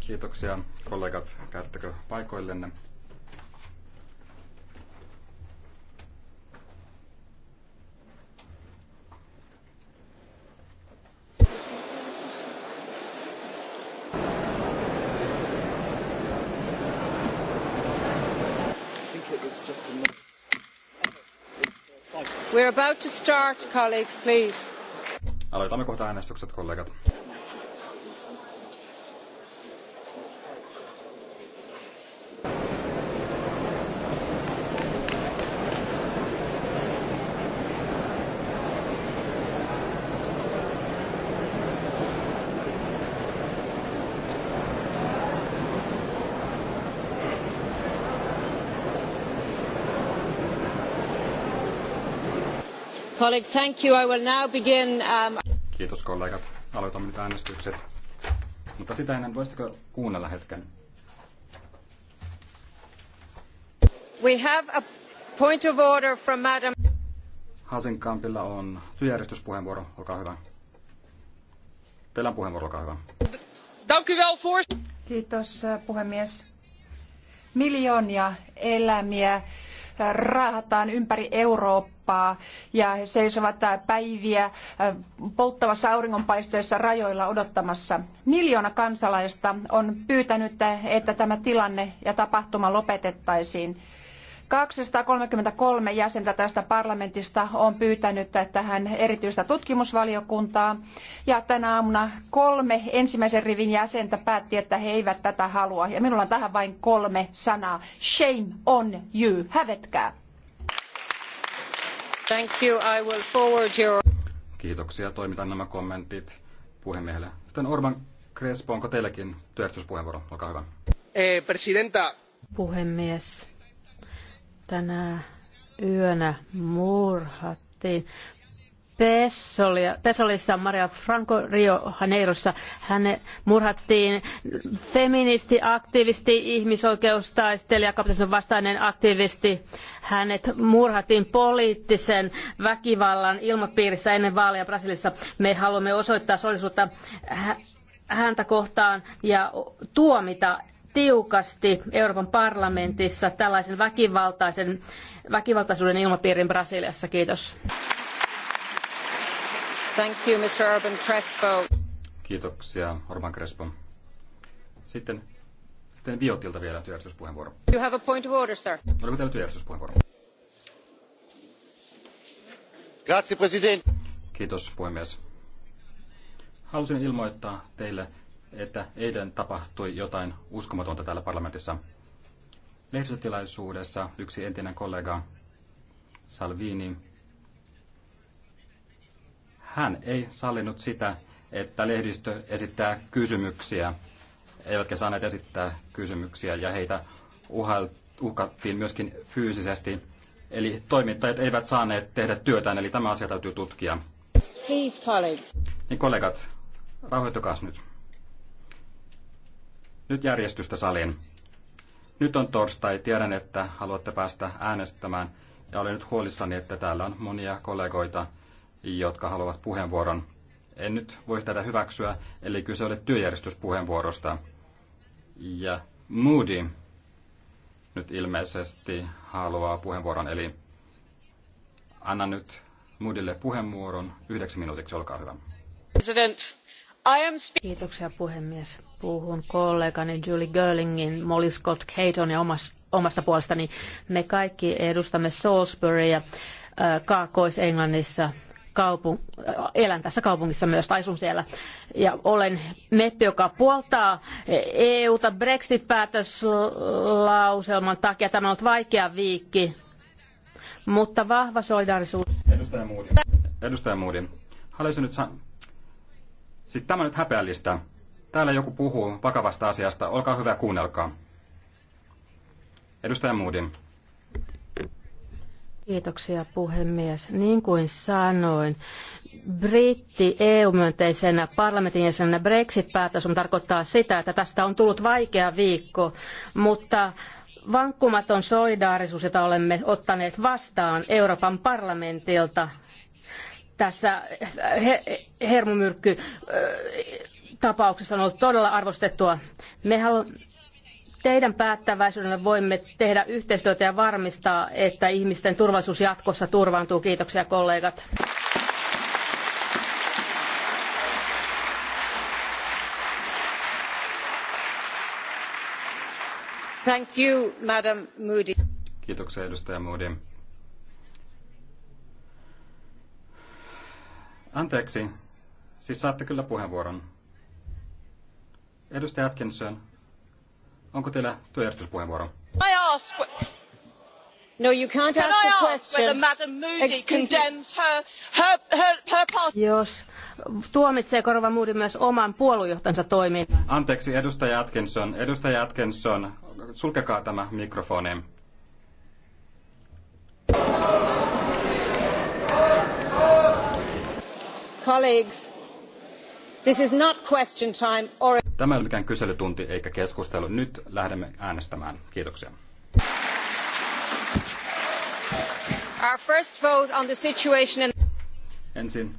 Kiitoksia kollegat, käyttäkö paikoillenne. We're about to start, colleagues, please. Aloitamme kohta äänestykset, kollegat. Colleagues, thank you. I will now begin, um, Kiitos kollegat. Aloitamme nyt äänestykset. Mutta sitä ennen voisitteko kuunnella hetken? We have a point of order from Madam... Hasinkampilla on työjärjestyspuheenvuoro. Olkaa hyvä. Teillä on puheenvuoro, olkaa hyvä. Kiitos puhemies. Miljoonia elämiä raahataan ympäri Eurooppaa ja he seisovat päiviä äh, polttavassa auringonpaisteessa rajoilla odottamassa. Miljoona kansalaista on pyytänyt, että tämä tilanne ja tapahtuma lopetettaisiin. 233 jäsentä tästä parlamentista on pyytänyt tähän erityistä tutkimusvaliokuntaa ja tänä aamuna kolme ensimmäisen rivin jäsentä päätti, että he eivät tätä halua. Ja minulla on tähän vain kolme sanaa. Shame on you. Hävetkää. Thank you. I will forward your... Kiitoksia. Toimitan nämä kommentit puhemiehelle. Sitten Orban Crespo, onko teilläkin työjärjestyspuheenvuoro? Olkaa hyvä. Eh, presidenta. Puhemies Tänä yönä murhattiin Pesolissa, Maria Franco Rio Janeirossa. Hänet murhattiin feministi, aktivisti, ihmisoikeustaistelija, kapitalismin vastainen aktivisti. Hänet murhattiin poliittisen väkivallan ilmapiirissä ennen vaaleja Brasilissa. Me haluamme osoittaa solisuutta häntä kohtaan ja tuomita tiukasti Euroopan parlamentissa tällaisen väkivaltaisen, väkivaltaisuuden ilmapiirin Brasiliassa. Kiitos. Thank you, Mr. Urban Crespo. Kiitoksia, Orban Crespo. Sitten, sitten Viotilta vielä työjärjestyspuheenvuoro. You have a point of order, sir. Oliko teillä työjärjestyspuheenvuoro? Grazie, president. Kiitos, puhemies. Halusin ilmoittaa teille, että eilen tapahtui jotain uskomatonta täällä parlamentissa. Lehdistötilaisuudessa yksi entinen kollega Salvini, hän ei sallinut sitä, että lehdistö esittää kysymyksiä, eivätkä saaneet esittää kysymyksiä ja heitä uhkattiin myöskin fyysisesti. Eli toimittajat eivät saaneet tehdä työtään, eli tämä asia täytyy tutkia. Please, colleagues. Niin kollegat, rauhoittukaas nyt. Nyt järjestystä saliin. Nyt on torstai. Tiedän, että haluatte päästä äänestämään. Ja olen nyt huolissani, että täällä on monia kollegoita, jotka haluavat puheenvuoron. En nyt voi tätä hyväksyä, eli kyse ole työjärjestyspuheenvuorosta. Ja Moody nyt ilmeisesti haluaa puheenvuoron, eli anna nyt Moodille puheenvuoron yhdeksi minuutiksi, olkaa hyvä. Kiitoksia puhemies puhun kollegani Julie Girlingin, Molly Scott Caton ja omasta puolestani. Me kaikki edustamme Salisburya äh, Kaakkois-Englannissa kaupung- äh, elän tässä kaupungissa myös, tai asun siellä. Ja olen meppi, joka puoltaa EUta Brexit-päätöslauselman takia. Tämä on ollut vaikea viikki, mutta vahva solidaarisuus. Edustaja Moodin. Edustaja Moodin. Haluaisin nyt sa- siis tämä on nyt häpeällistä. Täällä joku puhuu vakavasta asiasta. Olkaa hyvä, kuunnelkaa. Edustaja Moodin. Kiitoksia puhemies. Niin kuin sanoin, britti EU-myönteisenä parlamentin jäsenenä Brexit-päätös on tarkoittaa sitä, että tästä on tullut vaikea viikko, mutta vankkumaton solidaarisuus, jota olemme ottaneet vastaan Euroopan parlamentilta tässä hermomyrkky tapauksessa on ollut todella arvostettua. Me haluamme teidän päättäväisyydellä voimme tehdä yhteistyötä ja varmistaa, että ihmisten turvallisuus jatkossa turvaantuu. Kiitoksia kollegat. Thank you, Madam Moody. Kiitoksia edustaja Moody. Anteeksi, siis saatte kyllä puheenvuoron. Edustaja Atkinson, onko teillä työjärjestyspuheenvuoro? I ask... No, you can't ask the ask question. whether Madam Moody condemns her, her, her, her Jos tuomitsee Korva Moody myös oman puoluejohtansa toiminnan. Anteeksi, edustaja Atkinson. Edustaja Atkinson, sulkekaa tämä mikrofoni. Colleagues, this is not question time or... Tämä ei ole mikään kyselytunti eikä keskustelu. Nyt lähdemme äänestämään. Kiitoksia. Our first vote on the situation in... Ensin